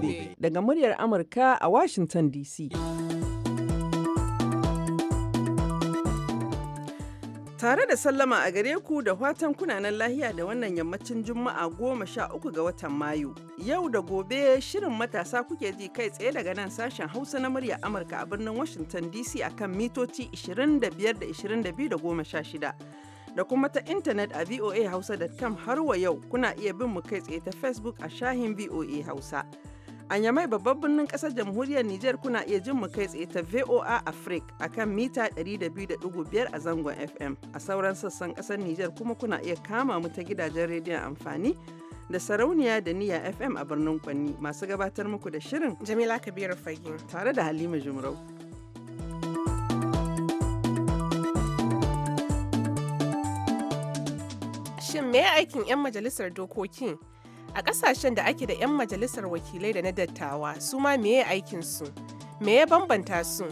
gobe daga muryar Amurka a Washington DC. Tare da sallama a gare ku da watan kunanan lahiya da wannan yammacin Juma'a goma sha uku ga watan Mayu. Yau da gobe shirin matasa kuke ji kai tsaye daga nan sashen Hausa na murya Amurka a birnin Washington DC akan mitoci 25 da 22 da goma shida. Da kuma ta intanet a voa hausa.com har wa yau kuna iya bin mu kai tsaye ta Facebook a shahin VOA Hausa. A Yamai babban birnin ƙasar jamhuriyar Nijar kuna iya jin mu kai tsaye ta VOA Africa akan mita biyar a zangon FM. A sauran sassan ƙasar Nijar kuma kuna iya kama mu ta gidajen rediyon amfani da sarauniya da niya FM a birnin Kwanni masu gabatar muku da shirin Jamila Kabiru Fagin tare da Halima Jumrau. Shin me aikin 'yan majalisar dokokin? a ƙasashen da ake da 'yan majalisar wakilai da na dattawa su ma meye aikinsu me ya bambanta su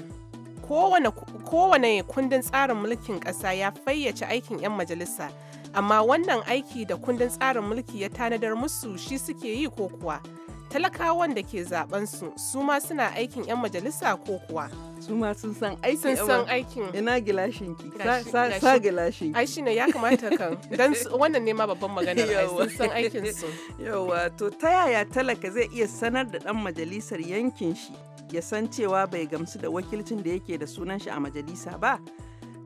kowane kundin tsarin mulkin ƙasa ya fayyace aikin 'yan majalisa amma wannan aiki da kundin tsarin mulki ya tanadar musu shi suke yi ko kuwa talakawan da ke zaben su su ma suna aikin 'yan majalisa ko kuwa su ma sun san aikin ina gilashin ki sa gilashin ai ne ya kamata kan dan wannan ne ma babban magana ai sun san aikin su yawa to ta yaya talaka zai iya sanar da dan majalisar yankin shi ya san cewa bai gamsu da wakilcin da yake da sunan shi a majalisa ba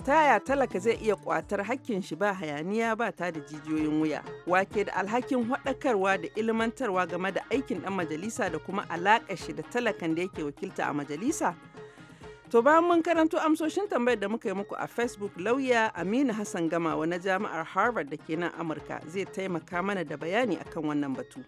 ta yaya talaka zai iya kwatar hakkin shi ba hayaniya ba ta da jijiyoyin wuya wake da alhakin haɗakarwa da ilmantarwa game da aikin ɗan majalisa da kuma alaƙa shi da talakan da yake wakilta a majalisa to bayan mun karanto amsoshin tambayar da muka yi muku a facebook lauya aminu hassan gamawa na jami'ar harvard da ke nan amurka zai taimaka mana da bayani akan wannan batu.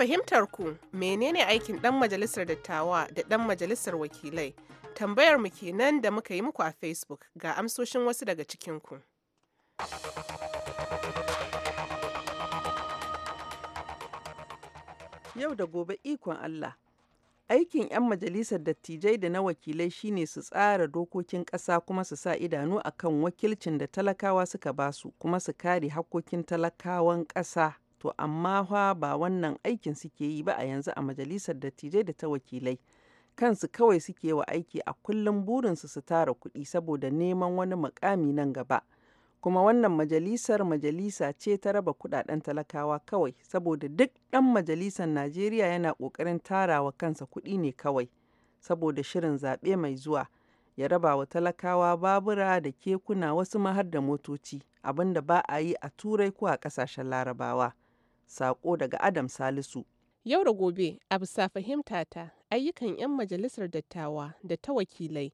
fahimtar ku menene aikin ɗan majalisar dattawa da ɗan majalisar wakilai? Tambayar mu kenan da muka yi muku a Facebook ga amsoshin wasu daga cikin ku. Yau da gobe ikon Allah. Aikin 'yan majalisar dattijai da na wakilai shine su tsara dokokin ƙasa kuma su sa idanu akan wakilcin da talakawa suka basu kuma su kare hakkokin talakawan ƙasa To amma fa ba wannan aikin suke yi ba a yanzu a majalisar dattijai da ta wakilai. Kansu kawai suke wa aiki a kullum burinsu su tara kuɗi saboda neman wani mukami nan gaba. Kuma wannan majalisar majalisa ce ta raba kuɗaɗen talakawa kawai saboda duk ɗan majalisar Najeriya yana ƙoƙarin tarawa kansa kuɗi ne kawai saboda shirin zaɓe mai zuwa. ya raba wa talakawa babura da kekuna wasu mahar da motoci abinda ba a yi a turai ko a ƙasashen larabawa Sako daga Adam Salisu. Yau da gobe, a bisa fahimtata, ayyukan 'yan majalisar dattawa da ta wakilai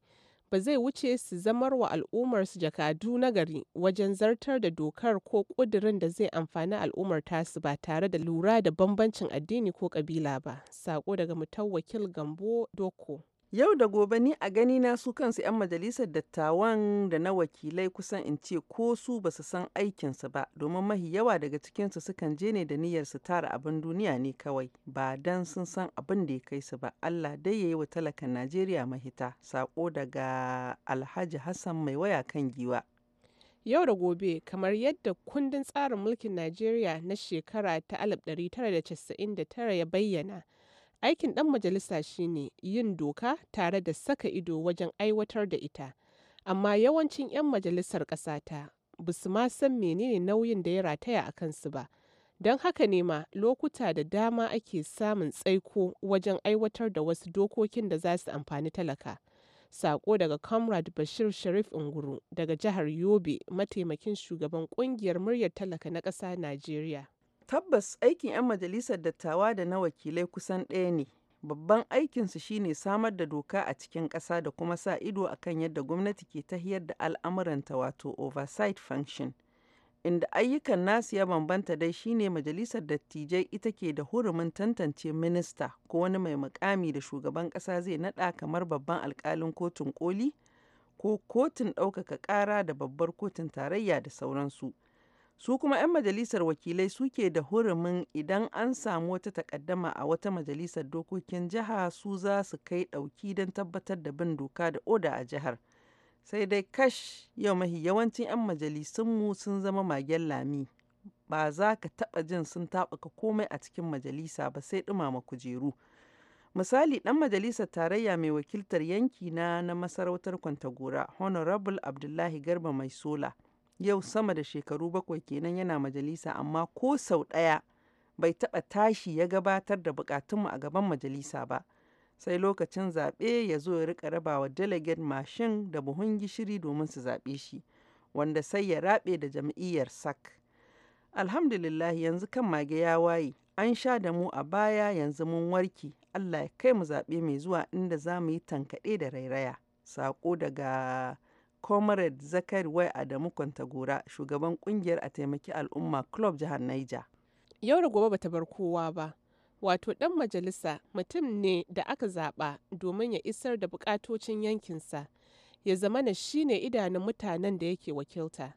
ba zai wuce su zamar wa al'ummarsu jakadu na gari wajen zartar da dokar ko ƙudurin da zai amfani al'ummar tasu ba tare da lura da bambancin addini ko ƙabila ba. Sako daga mutawakil Gambo Doko. Yau da gobe ni a gani na su kansu 'yan majalisar dattawan da na wakilai kusan in ce ko su basu san aikinsu ba domin mahi yawa daga cikinsu sukan je ne da niyyar su tara abin duniya ne kawai ba dan sun san abin da ya kai su ba Allah dai ya yi wa talakan Najeriya mahita sako daga Alhaji Hassan mai waya kan giwa. Yau da gobe kamar yadda kundin tsarin mulkin Najeriya na shekara ta 1999 ya bayyana Aikin ɗan majalisa shine yin doka tare da saka ido wajen aiwatar da ita, amma yawancin 'yan majalisar ƙasata ba su ma san menene nauyin da ya rataya a kansu ba, don haka ne ma lokuta da dama ake samun tsaiko wajen aiwatar da wasu dokokin da za su amfani talaka. Sako daga Comrade Bashir Sharif Unguru daga jihar Yobe, mataimakin shugaban kungiyar muryar talaka na ƙasa Najeriya. Tabbas aikin 'yan majalisar dattawa da na wakilai kusan ɗaya ne, babban aikinsu shine samar da doka a cikin ƙasa da kuma sa ido akan yadda gwamnati ke tahiyar da al'amuranta wato oversight function. Inda ayyukan nasu ya bambanta dai shine majalisar dattijai ita ke da hurumin tantance minista ko wani mai mukami da shugaban ƙasa zai naɗa kamar babban alkalin kotun koli ko kotun ɗaukaka ƙara da babbar kotun tarayya da sauransu. Su kuma 'yan majalisar wakilai suke da hurumin idan an samu wata takaddama a wata majalisar dokokin jiha su za su kai ɗauki don tabbatar da bin doka da oda a jihar. Sai dai kash yau mahi yawancin 'yan majalisunmu sun zama magen lami. Ba za ka taɓa jin sun taɓaka komai a cikin majalisa ba sai ɗumama kujeru. Misali ɗan majalisar tarayya mai wakiltar yanki na na masarautar Kwantagora, Honorable Abdullahi Garba Mai Sola. Yau sama da shekaru bakwai kenan yana majalisa amma ko sau ɗaya bai taɓa tashi ya gabatar da buƙatunmu a gaban majalisa ba. Sai lokacin zaɓe ya zo ya riƙa rabawa delegate mashin da buhun gishiri domin su zaɓe shi, wanda sai ya raɓe da jam'iyyar SAC. Alhamdulillah yanzu kan mage ya waye, an sha da mu a baya yanzu mun warke, Allah ya kai mu zaɓe mai zuwa inda za mu yi tankaɗe da rairaya. Sako daga Comrade Zakari wai Adamu Kwantagora, shugaban kungiyar a taimaki al'umma Club jihar Niger. Yau da gobe bata bar kowa ba. Wato dan majalisa mutum ne da aka zaba domin ya isar da bukatocin yankinsa. Ya zamana shine idanun mutanen da yake wakilta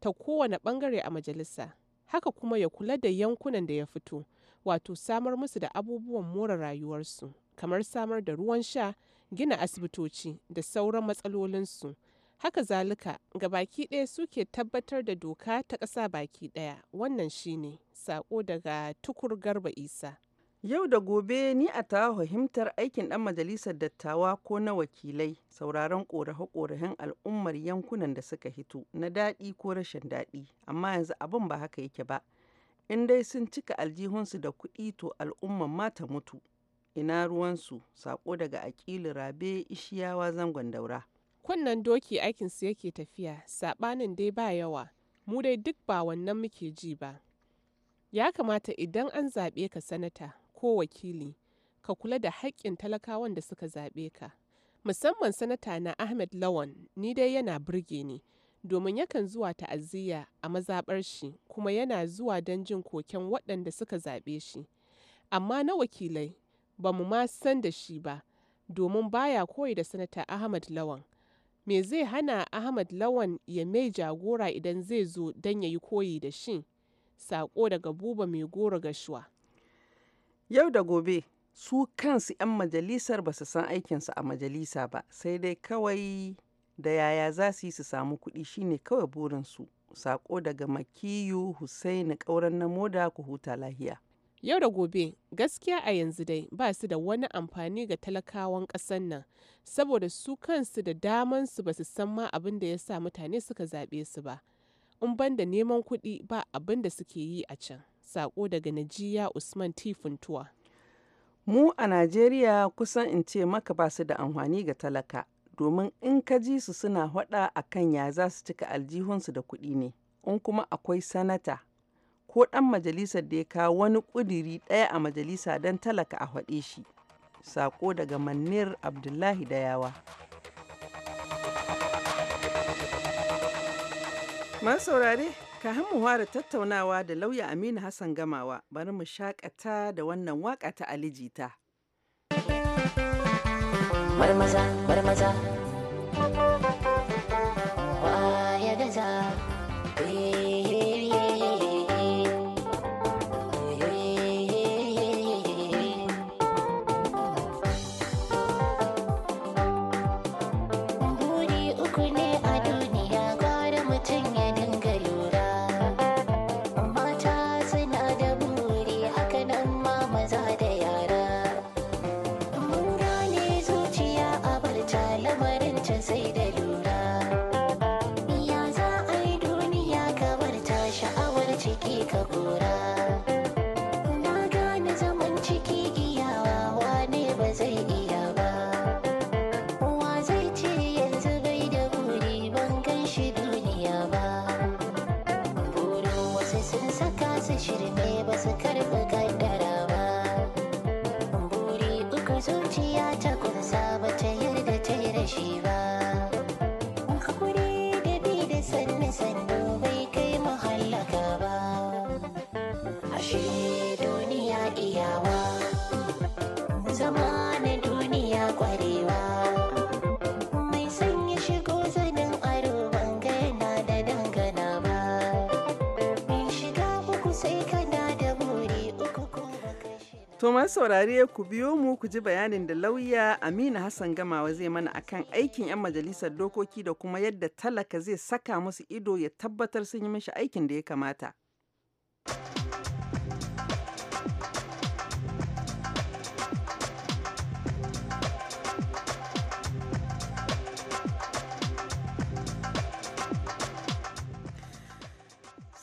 ta kowane bangare a majalisa. Haka kuma ya kula da yankunan da ya fito, wato samar musu da abubuwan more rayuwarsu, kamar samar da ruwan sha, gina asibitoci da sauran matsalolinsu. Haka zalika, baki ɗaya suke tabbatar da doka ta ƙasa baki ɗaya. Wannan shine sako daga Tukur Garba Isa. Yau da gobe ni a tawa fahimtar aikin ɗan majalisar dattawa ko na wakilai sauraron ƙorafe-ƙorafen al'ummar yankunan da suka hito na daɗi ko rashin daɗi, amma yanzu abin ba haka yake ba. In dai sun cika aljihunsu da kuɗi to al'umman ma ta mutu. Ina ruwansu, sako daga Aƙilu Rabe Ishiyawa zangon daura. kunnan doki aikinsu yake tafiya, saɓanin dai ba yawa, mu dai duk ba wannan muke ji ba. Ya kamata idan an zaɓe ka sanata ko wakili, ka kula da haƙƙin talakawan da suka zaɓe ka. Musamman sanata na Ahmed Lawan ni dai yana burge ni, domin yakan zuwa ta'aziyya a mazaɓar shi kuma yana zuwa don jin koken waɗanda suka zaɓe shi. Amma na wakilai ba mu ma san da shi ba, domin baya koyi da sanata Ahmed Lawan. Me zai hana Ahmad Lawan ya mai jagora idan zai zo don ya yi koyi da shi? Saƙo daga Buba Mai Goro Gashuwa. Yau da gobe, su kansu 'yan majalisar ba su san aikinsu a majalisa ba, sai dai kawai da yaya za su yi su samu kuɗi shine kawai burinsu. Saƙo daga Makiyu Hussaini ƙauren na moda ku huta lahiya. Yau da gobe gaskiya a yanzu dai ba su da wani amfani ga talakawan ƙasar nan saboda su kansu da daman su ba su san ma abin da ya sa mutane suka zaɓe su ba. In banda neman kuɗi ba abin da suke yi a can. Sako daga Najiya Usman Tifuntuwa. Mu a Najeriya kusan in ce maka ba su da amfani ga talaka domin in ka ji su suna haɗa a kan ya za su cika aljihunsu da kuɗi ne. In kuma akwai sanata ko ɗan majalisar da ya kawo wani ƙudiri ɗaya a majalisa don talaka a haɗe shi. Sako daga Manir Abdullahi Dayawa. Masu saurare, ka mu hara tattaunawa da lauya Aminu Hassan Gamawa, bari mu shaƙata da wannan waka ta Alijita. Marmaza, marmaza. To masu saurare ku biyo mu ku ji bayanin da lauya Amina Hassan Gamawa zai mana akan aikin 'yan majalisar dokoki da kuma yadda talaka zai saka musu ido ya tabbatar sun yi mishi aikin da ya kamata.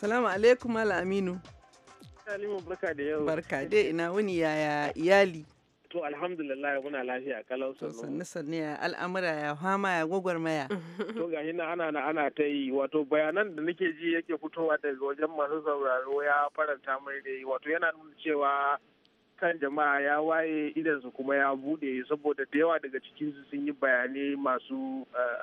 Salamu alaikum ala Aminu. Halima barka da yau. Barka dai ina wuni yaya iyali. To alhamdulillah muna lafiya kalau sannu. Sannu sannu ya al'amura ya fama ya gwagwarmaya. To ga hina ana na ana ta yi wato bayanan da nake ji yake fitowa daga wajen masu sauraro ya faranta mai yi wato yana nuna cewa kan jama'a ya waye idansu kuma ya bude saboda da yawa daga cikin su sun yi bayanai masu eh,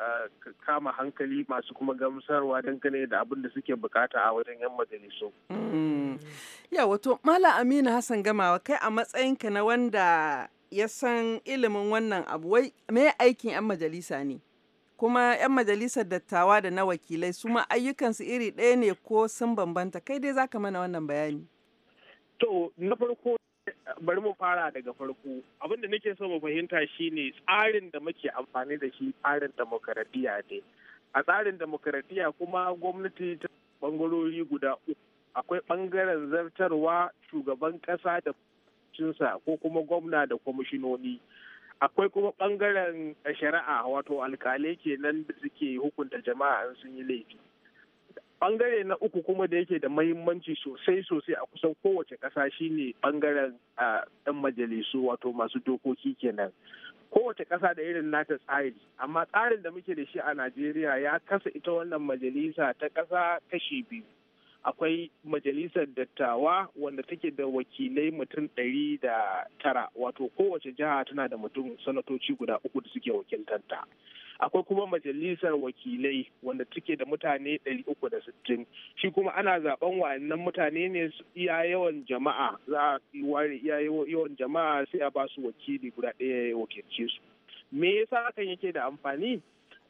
eh, kama hankali masu kuma gamsarwa dangane da abin da suke bukata a wajen 'yan majalisu. Mm. ya wato mala amina hassan gamawa kai a matsayinka na wanda ya san ilimin wannan abu wai mai aikin 'yan majalisa ne kuma 'yan majalisar dattawa da na wakilai su ma ayyukansu iri ɗaya ne ko sun bambanta kai dai zaka mana wannan bayani to na farko bari mu fara daga farko abin da nake so mu fahimta shine tsarin da muke amfani da shi tsarin demokaradiyya ne a tsarin demokaradiyya kuma gwamnati ta bangarori guda uku akwai bangaren zartarwa shugaban kasa da cinsa ko kuma gwamna da kwamishinoni akwai kuma bangaren shari'a wato alkalai kenan da suke hukunta jama'a sun yi laifi bangare na uku kuma da yake da mahimmanci sosai sosai a kusan kowace ƙasa shine bangaren 'yan majalisu wato masu dokoki kenan kowace ƙasa da irin nata tsari amma tsarin da muke da shi a najeriya ya kasa ita wannan majalisa ta ƙasa kashi biyu akwai majalisar dattawa wanda take da wakilai mutum ɗari da tara wato kowace jiha tana da mutum sanatoci guda uku da suke wakiltanta akwai kuma majalisar wakilai wanda take da mutane 360 shi kuma ana zaben wa'annan mutane ne iya yawan jama'a za a ware iya yawan jama'a sai a ba su wakili guda ɗaya ya wakilce su me yasa hakan yake da amfani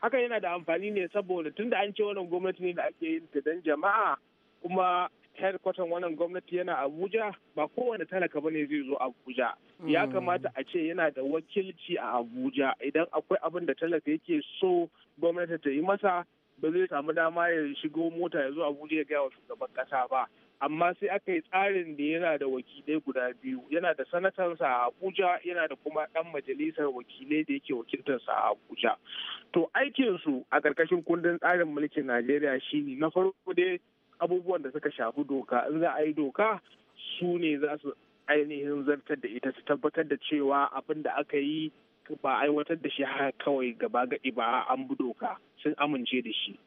hakan yana da amfani ne saboda tunda an ce wannan gwamnati ne da ake yin ta dan jama'a kuma headquarter wannan gwamnati yana abuja ba kowane talaka bane zai zo abuja ya hmm. kamata a ce yana da wakilci a abuja idan akwai abin da talaka yake so gwamnati ta yi masa ba zai samu dama ya shigo mota ya zo abuja ya gaya wa shugaban kasa ba amma sai aka yi tsarin da yana da wakilai guda biyu yana da sanatarsa a abuja yana da kuma dan majalisar wakilai da yake wakiltarsa a abuja to aikinsu a ƙarƙashin kundin tsarin mulkin najeriya shine na farko dai abubuwan da suka shafi doka in za a yi doka su ne za su ainihin zartar da ita su tabbatar da cewa abin da aka yi ba aiwatar da shi haka kawai gaba gaɗi ba an bi doka sun amince da shi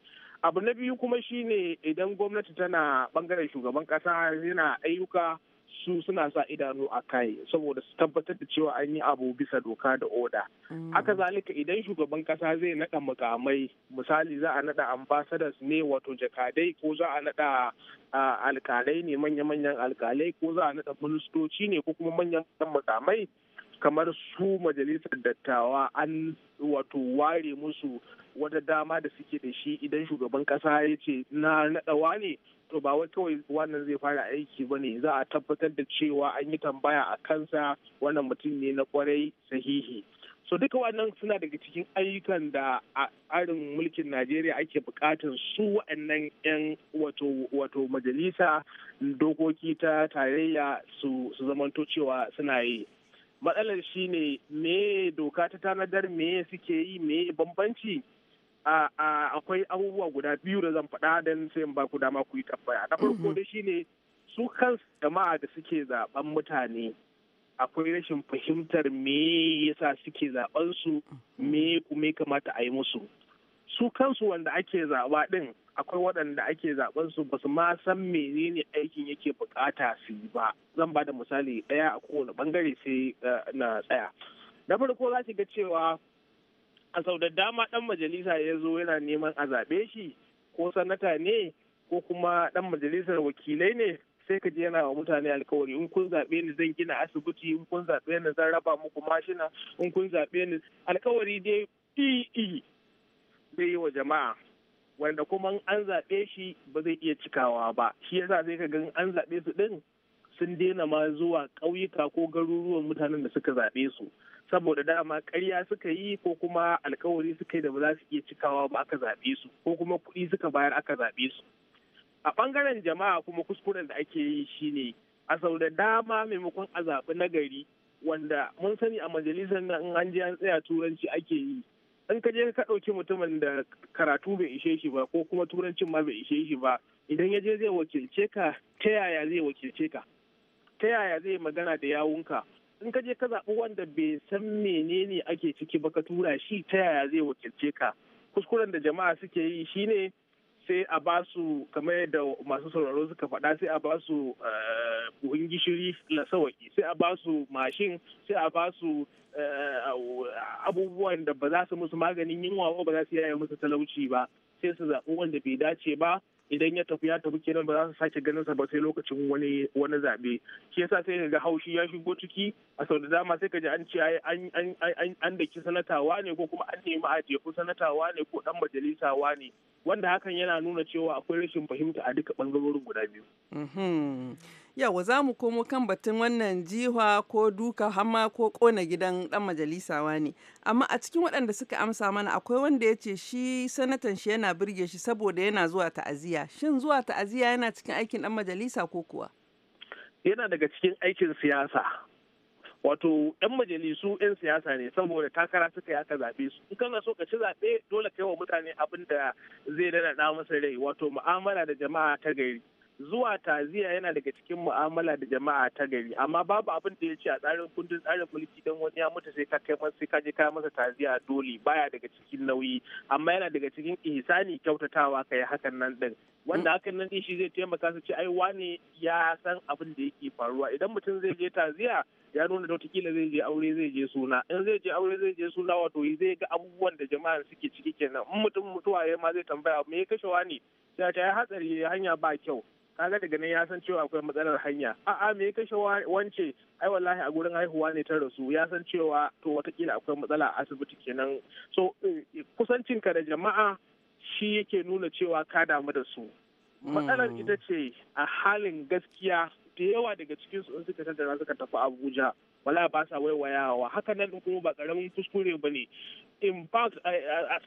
abu na biyu kuma shine idan gwamnati tana bangaren shugaban kasa yana ayyuka su suna sa idanu a kai saboda su tabbatar da cewa an yi abu bisa doka da oda mm. haka zalika idan shugaban kasa zai naɗa mukamai misali za a naɗa ambassadors ne wato jakadai ko za a naɗa alkalai ne manya-manyan alkalai ko za a naɗa ministoci ne ko kuma manyan mukamai kamar su majalisar dattawa an wato ware musu wata dama da suke da shi idan shugaban kasa ya ce na naɗawa ne to ba wai kawai wannan zai fara aiki ba ne za a tabbatar da cewa an yi tambaya a kansa wannan mutum ne na kwarai sahihi so duka wannan suna daga cikin ayyukan da a tsarin mulkin najeriya ake bukatar su waɗannan 'yan wato majalisa dokoki ta tarayya su zamanto cewa suna yi matsalar shine me doka ta tanadar me suke yi me bambanci akwai abubuwa guda biyu da zan faɗa don sai in ba ku dama ku yi tambaya na farko mhm. da shine su kansu jama'a da suke zaben mutane akwai rashin fahimtar me yasa suke zaben su me kuma kamata a yi musu su kansu wanda ake zaba din akwai waɗanda ake zaben su basu ma san menene aikin yake bukata su yi ba zan ba da misali ɗaya a kowane bangare sai eh, na tsaya na farko za ga cewa a sau da dama dan majalisa ya zo yana neman a zaɓe shi ko sanata ne ko kuma dan majalisar wakilai ne sai ka je yana wa mutane alkawari in kun zaɓe ni zan gina asibiti in kun zaɓe ni zan raba muku mashina in kun zaɓe ni alkawari dai pe zai yi wa jama'a wanda kuma an zaɓe shi ba zai iya cikawa ba shi yasa sai ka ga an zaɓe su ɗin sun daina ma zuwa ƙauyuka ko garuruwan mutanen da suka zaɓe su saboda dama karya suka yi ko kuma alkawari suka yi da ba za su iya cikawa ba aka zaɓe su ko kuma kuɗi suka bayar aka zaɓe su a ɓangaren jama'a kuma kuskuren da ake yi shine a sau da dama maimakon a zaɓi gari wanda mun sani a majalisar nan in an je an tsaya turanci ake yi in ka je ka ɗauki mutumin da karatu bai ishe shi ba ko kuma turancin ma bai ishe shi ba idan ya je zai wakilce ka ta yaya zai wakilce ka ta yaya zai magana da yawunka in ka je ka zaɓi wanda bai san menene ake ciki ba ka tura shi ta yaya zai wakilce ka kuskuren da jama'a suke yi shine sai a ba su kamar yadda masu sauraro suka faɗa sai a ba su eh, buhun gishiri lasawaki sai a ba su mashin sai a ba su eh, abubuwan da ba za su musu maganin yunwa ba ba za su yaya musu talauci ba sai su zaɓi wanda bai dace ba idan ya tafi ya tafi kenan ba za su sake ganin sa ba sai lokacin wani wani zabe shi yasa sai ga haushi ya shigo ciki a sau da dama sai ka ji an ce an an an daki sanatawa ne ko kuma an nemi a jefu sanatawa ne ko dan wa ne wanda hakan yana nuna cewa akwai rashin fahimta a duka bangarorin guda biyu. Mm-hmm. yau za mu komo kan batun wannan jiha ko duka hama ko kona gidan dan majalisawa ne. Amma a cikin waɗanda suka amsa mana akwai wanda ya ce shi sanatan shi yana birge shi saboda yana zuwa ta'aziya Shin zuwa ta'aziyya yana cikin aikin dan majalisa ko kuwa? Yana daga cikin aikin siyasa. Wato, ‘yan majalisu ‘yan siyasa ne saboda takara suka yi aka zaɓe su. In kana so ka ci zaɓe dole kai wa mutane abin da zai dana masa rai, wato mu'amala da jama'a ta gari. zuwa taziya yana daga cikin mu'amala da jama'a ta gari amma babu abin da ya ce a tsarin kundin tsarin mulki don wani ya mutu sai ka kai masa sai ka je kai masa taziya dole baya daga cikin nauyi amma yana daga cikin ihsani kyautatawa kai hakan nan din wanda hmm. hakan nan din shi zai taimaka su ce ai wane ya san abin da yake faruwa idan mutum zai je taziya ya nuna da wataƙila zai je aure zai je suna in zai je aure zai je suna wato zai ga abubuwan da jama'a suke ciki kenan in mutum mutuwa ya ma zai tambaya me ya kashe wani sai ta hatsari hanya ba kyau kaga daga nan ya san cewa akwai matsalar hanya a'a me kashe wance ai wallahi a gurin haihuwa ne ta rasu ya san cewa to watakila akwai matsala a asibiti kenan so eh, kusancinka da jama'a shi yake nuna cewa ka damu da su matsalar hmm. ita ce a halin gaskiya da yawa daga cikin su suka tattara suka tafi abuja wala ba sa waiwayawa haka nan kuma ba karamin kuskure ba ne in fact a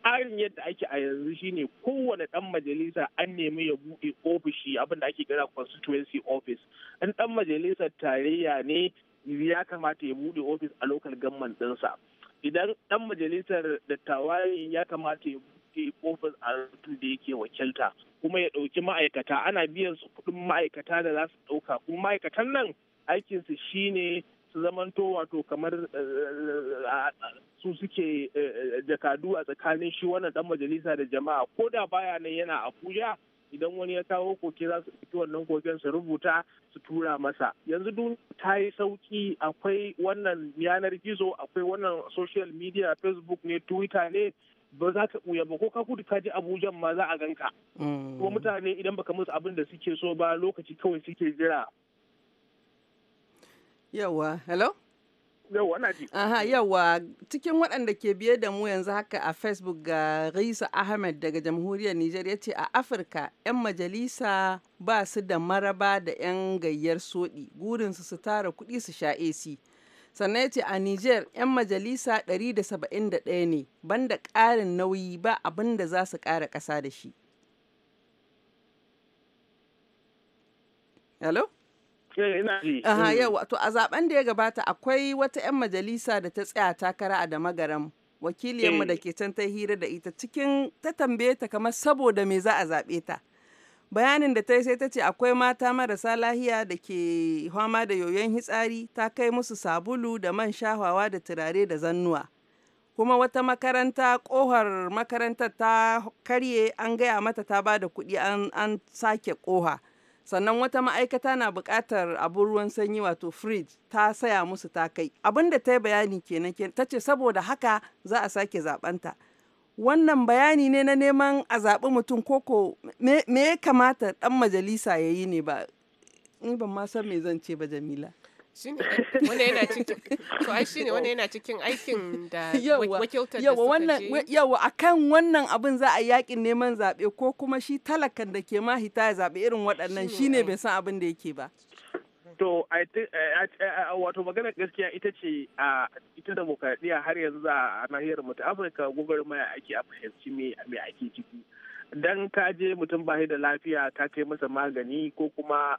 tsarin yadda ake a yanzu shine kowane dan majalisa an nemi ya buɗe ofishi abinda ake kira constituency office in dan majalisar tarayya ne ya kamata ya buɗe office a local government ɗinsa idan dan majalisar dattawa ya kamata ya buɗe office a lokacin da yake wakilta kuma ya ɗauki ma'aikata ana biyan su kuɗin ma'aikata da za su ɗauka kuma ma'aikatan nan aikinsu shine su zamanto wato kamar eh, eh, su suke eh, jakadu a tsakanin shi wannan dan majalisa da jama'a ko da baya nan yana abuja idan wani ya kawo koke za su ɗauki wannan koken su rubuta su tura masa yanzu dun ta yi sauki akwai wannan yanar gizo akwai wannan social media facebook ne twitter ne ba za ka ɓuya ba ko ka kudu ka ji abuja ma za a ganka mm. kuma mutane idan baka musu abin da suke so ba lokaci kawai suke jira Yawa, hello? Yawa, na ji. Aha, yawa, cikin waɗanda ke biye da mu yanzu haka a Facebook ga Risa Ahmed daga Jamhuriyar Nijar ya ce a Afirka 'yan majalisa ba su da maraba da 'yan gayyar soɗi, gurinsu su tara kuɗi su sha AC. sannan ya ce a nijar 'yan majalisa 171 ne banda ƙarin nauyi ba abin da za su ƙara ƙasa da shi. Hello? Aha mm. yawa to a zaben da ya gabata akwai wata 'yan majalisa da ta tsaya takara a damagaram. Wakiliyarmu eh. da ke can ta hira da ita cikin ta tambaye ta kamar saboda me za a zaɓe ta. Bayanin da ta yi sai ta ce akwai mata marasa lahiya da ke fama da yoyon hitsari ta kai musu sabulu da man shahawa da turare da zannuwa. kuma wata makaranta kohar makarantar ta karye an gaya mata ta ba da kuɗi an, sake koha sannan wata ma'aikata na buƙatar abin ruwan sanyi wato fridge ta saya musu ta kai abin da ta yi bayani kenan ta ce saboda haka za a sake zaɓanta wannan bayani ne na neman a zaɓi mutum koko me ya kamata ɗan majalisa ya yi ne ba ni ban ma san me zan ce ba jamila shine a yana akan wannan abin za a yakin neman zaɓe ko kuma shi talakan da ke ma hita ya zaɓe irin waɗannan shine bai san abin da yake ba to eh, eh, eh, wato maganar gaskiya ita ce a ita demokradiyya har yanzu a nahiyar mu ta afirka gwagwarmaya ake a fahimci me ake ciki dan ka je mutum ba da lafiya ka kai masa magani ko kuma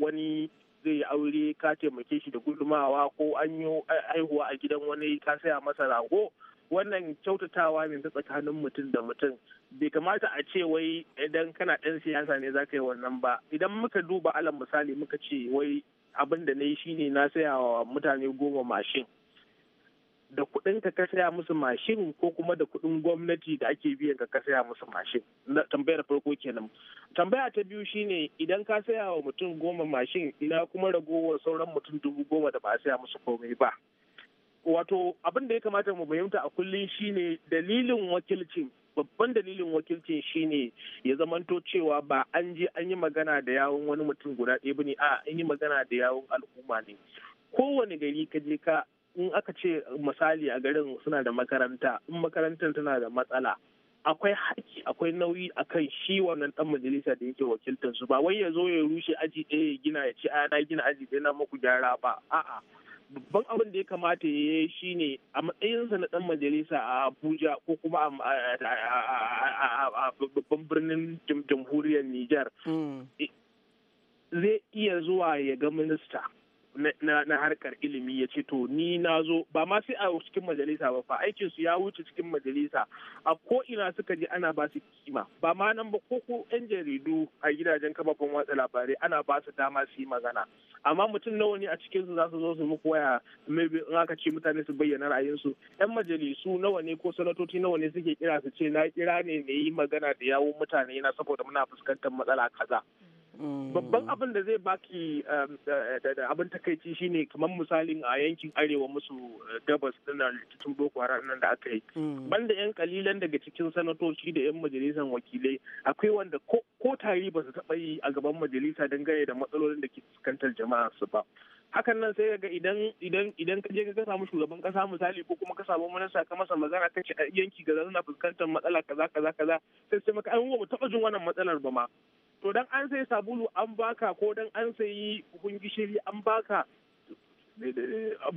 wani zai yi aure ka taimake shi da gudumawa ko an yi haihuwa a gidan wani ka saya masa rago wannan kyautatawa ne ta tsakanin mutum da mutum bai kamata a ce wai idan kana ɗan siyasa ne za ka yi wannan ba idan muka duba alal misali muka ce wai abin da na yi shine na saya wa mutane goma mashin da kuɗin ka ka saya musu mashin ko kuma da kuɗin gwamnati da ake biyan ka ka saya musu mashin na tambayar farko kenan tambaya ta biyu shine idan ka saya wa mutum goma mashin ina kuma ragowar sauran mutum dubu goma da ba a saya musu komai ba wato abin da ya kamata mu fahimta a kullum shine dalilin wakilcin babban dalilin wakilcin shine ya zamanto cewa ba an je an yi magana da yawon wani mutum guda ɗaya bane a an yi magana da yawon al'umma ne kowane gari ka je ka in aka ce misali a garin suna da makaranta in makarantar tana da matsala akwai haƙƙi akwai nauyi akan shi wannan ɗan majalisa da yake wakiltar su ba wai ya zo ya rushe aji ɗaya ya gina ya ce a na gina aji ɗaya na muku gyara ba a'a babban abin da ya kamata ya yi shi ne a matsayinsa na ɗan majalisa a abuja ko kuma a babban birnin jamhuriyar nijar hmm. zai iya zuwa ya ga minista na harkar ilimi ya ce to ni na zo ba ma sai a cikin majalisa ba fa aikin su ya wuce cikin majalisa a ko ina suka je ana ba su kima ba ma nan ba ko ko yan jaridu a gidajen kafafen watsa labarai ana ba su dama su yi magana amma mutum nawa ne a cikin su za su zo su muku waya maybe in aka ce mutane su bayyana ra'ayin su. yan majalisu nawa ne ko sanatoci nawa ne suke kira su ce na kira ne ne yi magana da yawun mutane yana saboda muna fuskantar matsala kaza mm. babban abin da zai baki um, eh, eh, da abin ta takaici shine kamar misalin a yankin arewa musu eh, gabas na rikicin boko haram nan da aka yi mm. banda yan kalilan daga cikin sanatoci da yan majalisar wakilai akwai wanda ko tari ba su taɓa yi a gaban majalisa dangane da matsalolin da ke fuskantar jama'a su ba hakan nan sai ga idan idan idan ka je ka samu shugaban kasa misali ko kuma ka samu minista ka masa magana kace a yanki gaza suna fuskantar matsala kaza kaza kaza sai sai maka an mu taba jin wannan matsalar ba ma to dan an sai sabulu an baka ko dan an sai buhun gishiri an baka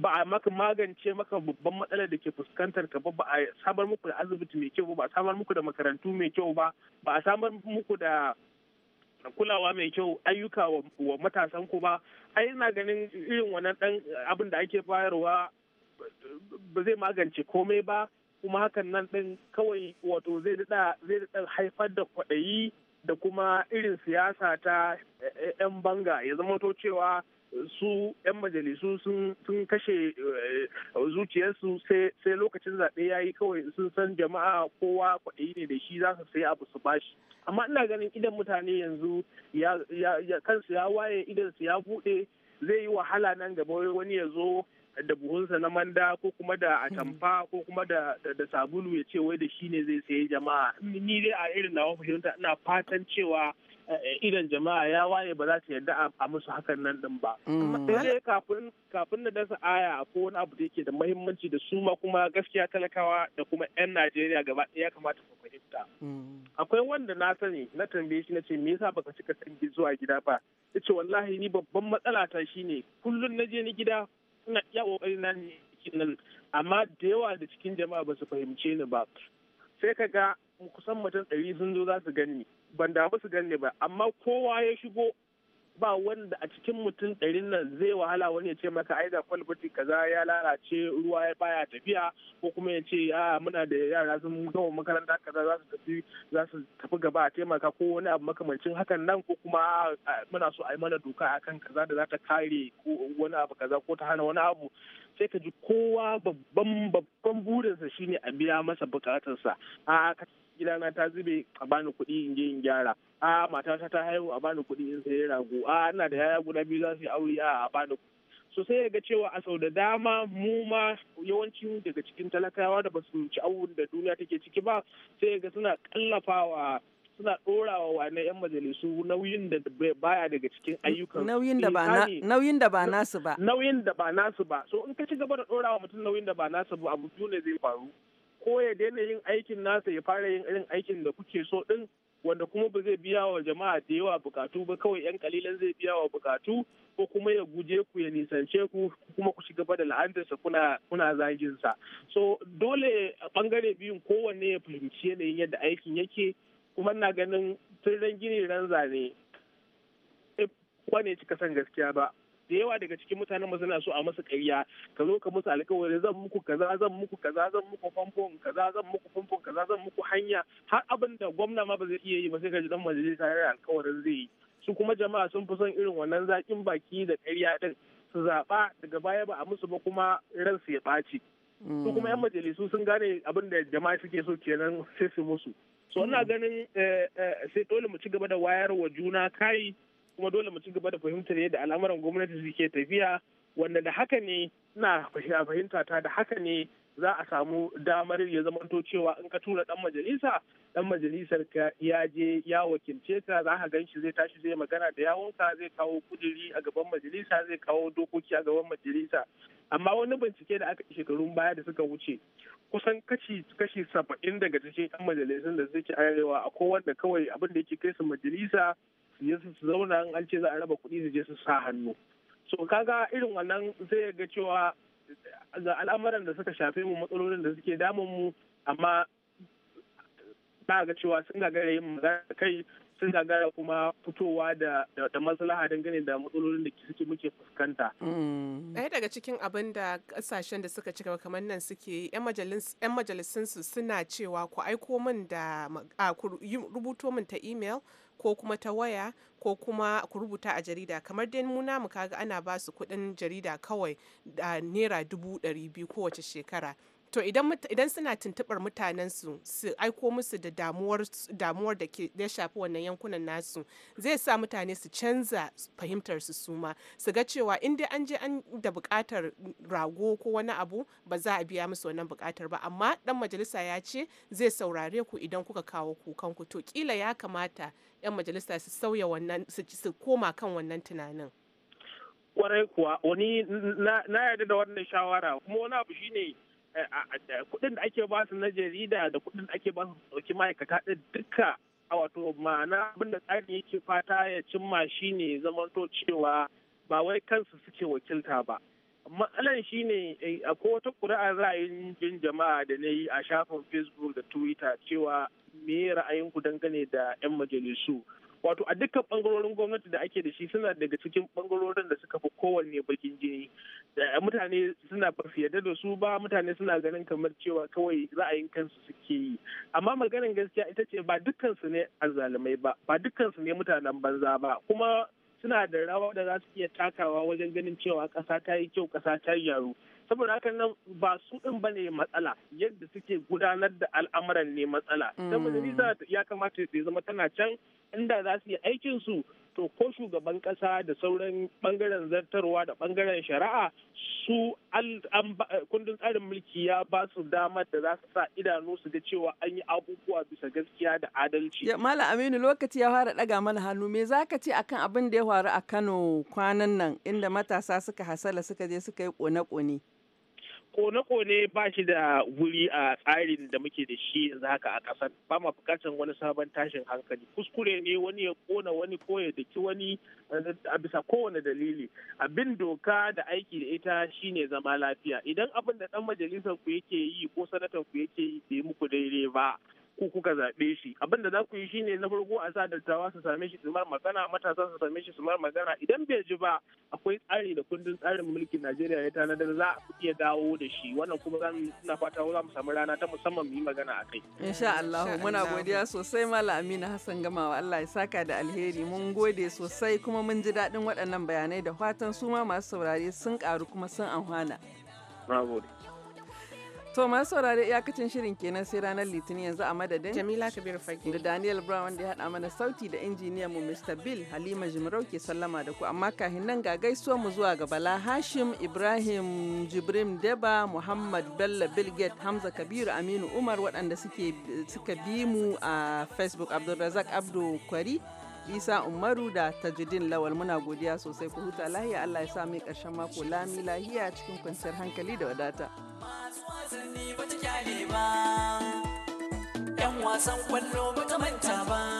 ba a maka magance maka babban matsalar da ke fuskantar ka ba ba a samar muku da asibiti mai kyau ba ba a samar muku da makarantu mai kyau ba ba a samar muku da kulawa mai kyau ayyuka wa matasan kuma ai ina ganin irin wannan dan eh, abin da ake bayarwa ba zai magance komai ba kuma hakan nan din kawai wato zai daɗa zai daɗa haifar da kwaɗayi da kuma irin siyasa ta eh, eh, 'yan banga ya zama to cewa su 'yan majalisu sun kashe eh, zuciyarsu sai lokacin zaɓe ya yi kawai sun san jama'a kowa kwaɗayi ne da shi za su sai abu su bashi amma ina ganin idan mutane yanzu kansu ya waye idan su ya buɗe zai yi wahala nan gaba wani ya zo da buhunsa na manda ko kuma da atamfa ko kuma da sabulu ya ce wai da shi ne zai sayi jama'a ni dai a irin na fahimta ina fatan cewa idan jama'a ya waye ba za su yarda a musu hakan nan din ba. Mm. Sai kafin kafin na dasa aya ko wani abu da yake da mahimmanci da su ma kuma gaskiya talakawa da kuma 'yan Najeriya gaba ɗaya kamata ku fahimta. Mm. Akwai wanda na sani na tambaye shi na ce me yasa baka cika sanji zuwa gida ba? Ya ce wallahi ni babban matsala ta shine kullum na je ni gida ina iya ƙoƙari na ne nan amma da yawa da cikin jama'a ba su fahimce ni ba. Sai ka ga kusan mutum ɗari sun zo za su gani ban damu su ganni ba amma kowa ya shigo ba wanda a cikin mutum ɗari nan zai wahala wani ya ce maka ai da kwalbati kaza ya lalace ruwa ya baya tafiya ko kuma ya ce a muna da yara sun gama makaranta kaza za su tafi za su tafi gaba a taimaka ko wani abu makamancin hakan nan ko kuma muna so a yi mana doka akan kaza da za ta kare ko wani abu kaza ko ta hana wani abu sai ka ji kowa babban babban burinsa shine a biya masa bukatarsa a gidana ta zube a bani kuɗi in je in gyara a matata ta haihu a bani kuɗi in sayi rago a ina da yaya guda biyu za su yi aure a bani so sai ga cewa a sau da dama mu ma yawanci daga cikin talakawa da basu ci da duniya take ciki ba sai ga suna kallafawa suna ɗora wa wane 'yan majalisu nauyin da baya daga cikin ayyukan nauyin da ba nauyin da ba nasu ba nauyin da ba nasu ba so in ka ci gaba da ɗora mutum nauyin da ba nasu ba abu biyu ne zai faru ko ya daina yin aikin nasa ya fara yin irin aikin da kuke so din wanda kuma ba zai biya wa jama'a da yawa bukatu ba kawai 'yan kalilan zai biya wa bukatu ko kuma ya guje ku ya nisance ku kuma ku gaba da la'antarsa kuna kuna zagin sa so dole a bangare biyun kowanne ya fahimci yanayin yadda aikin yake kuma na ganin tun gini ran zane eh, wane cika san gaskiya ba da yawa daga cikin mutanen suna so a masa ƙarya ka zo ka musu alƙawari zan muku kaza zan muku kaza zan muku famfon kaza zan muku famfon kaza zan muku hanya har abin da gwamna ma ba zai iya yi ba sai ka ji dan majalisa ya alƙawarin zai yi su kuma jama'a sun fi son irin wannan zaƙin baki da ƙarya din su zaɓa daga baya ba a musu ba kuma ransu ya ɓaci su kuma yan mm. majalisu sun gane abin da jama'a suke so kenan sai su musu so ina ganin eh, eh, sai dole mu ci gaba da wayar wa juna kai kuma dole mu ci gaba da fahimtar yadda al'amuran gwamnati suke tafiya wanda da haka ne ina fahimta ta da haka ne za a samu damar ya zamanto cewa in ka tura dan majalisa dan majalisar ka ya je ya wakilce ka za ka gan shi zai tashi zai magana da yawunsa zai kawo kuduri a gaban majalisa zai kawo dokoki a gaban majalisa amma wani bincike da aka shekarun baya da suka wuce kusan kashi kashi saba'in daga cikin yan majalisun da suke arewa a kowanne kawai abin da yake kai su majalisa su je su zauna an ce za a raba kuɗi su je su sa hannu so kaga irin wannan zai ga cewa ga al'amuran da suka shafe mu matsalolin da suke damun mu amma ba ga cewa sun gagara yin magana kai sun gagara kuma fitowa da da maslaha dangane da matsalolin da suke muke fuskanta. Mm. Ɗaya daga cikin abin da ƙasashen da suka cika kamar nan suke yan majalisun suna cewa ku aiko min da ku rubuto min ta email ko kuma ta waya ko kuma ku rubuta a jarida kamar dai mu namu kaga ana ba su kuɗin jarida kawai da naira dubu ɗari biyu kowace shekara to idan suna tuntubar mutanensu su aiko musu da damuwar da ke ya shafi wannan yankunan nasu zai sa mutane su canza fahimtar su suma su ga cewa in dai an je an da bukatar rago ko wani abu ba za a biya musu wannan bukatar ba amma dan majalisa ya ce zai saurare ku idan kuka kawo kukanku ku to kila ya kamata yan majalisa su sauya wannan su koma kan wannan tunanin kwarai kuwa wani na yarda da wannan shawara kuma wani abu shine Eh, kuɗin da ake ba su na jarida da kuɗin da ake ba su ma'aikata ɗin duka a wato ma'ana abin da tsarin yake fata ya cimma shine zamanto cewa ba wai kansu suke wakilta ba matsalan shine eh, akwai wata ƙuri'ar ra'ayin jin jama'a da na yi a shafin facebook da twitter cewa me ra'ayinku dangane da 'yan majalisu wato a dukkan bangarorin gwamnati da ake da shi suna daga cikin bangarorin da suka fi kowanne bakin jini mutane suna yarda da su ba mutane suna ganin kamar cewa kawai ra'ayin kansu suke yi amma maganin gaskiya ita ce ba dukkan su ne azzalumai ba ba dukkan ne mutanen banza ba kuma suna da rawa da za su iya takawa wajen ganin cewa ƙasa ta yi kyau ƙasa ta yi yaro saboda haka nan ba su ɗin bane matsala yadda suke gudanar da al'amuran ne matsala mm. ta majalisa ya kamata ya zama tana can inda za su yi aikin su to ko shugaban kasa da sauran bangaren zartarwa da bangaren shari'a su kundin tsarin mulki ya ba su damar da za su sa idanu su ga cewa an yi abubuwa bisa gaskiya da adalci. Mala Aminu lokaci ya fara daga mana hannu me za ka ce akan abin da ya faru a Kano kwanan nan inda matasa suka hasala suka je suka yi kone-kone. kone-kone ba shi da wuri a tsarin da muke da shi yanzu haka a ƙasar ba ma bukatar wani sabon tashin hankali kuskure ne wani ya kona wani ko ya daki wani a bisa kowane dalili abin doka da aiki da ita shine zama lafiya idan abin da dan majalisar ku yake yi ko sanatan ku yake yi bai muku daidai ba ku kuka zaɓe shi abin da za ku yi shine na farko a sa dattawa su same shi su mar magana matasa su same shi su mar magana idan bai ji ba akwai tsari da kundin tsarin mulkin Najeriya ya tanadar za a iya dawo da shi wannan kuma za ina fata za mu samu rana ta musamman mu yi magana a kai insha Allah muna godiya sosai Malam Amina Hassan Gamawa Allah ya saka da alheri mun gode sosai kuma mun ji daɗin waɗannan bayanai da fatan su ma masu saurare sun ƙaru kuma sun amfana. Bravo. To masu saurari iyakacin shirin kenan sai ranar Litinin yanzu a madadin Jamila Kabir Fage da Daniel Brown wanda ya haɗa mana sauti da injiniyan mu Mr. Bill Halima Jimarau ke sallama da ku amma kahin nan ga gaisuwar mu zuwa ga Bala Hashim Ibrahim Jibrim Deba Muhammad Bello Bilget Hamza Kabiru Aminu Umar waɗanda suka bi mu a Facebook Abdulrazak abdul Kwari isa umaru da tajidin lawal muna godiya sosai ku huta lahiya allah ya sa mai karshen mako lami lahiya cikin kwanciyar hankali da wadata kwallo ta manta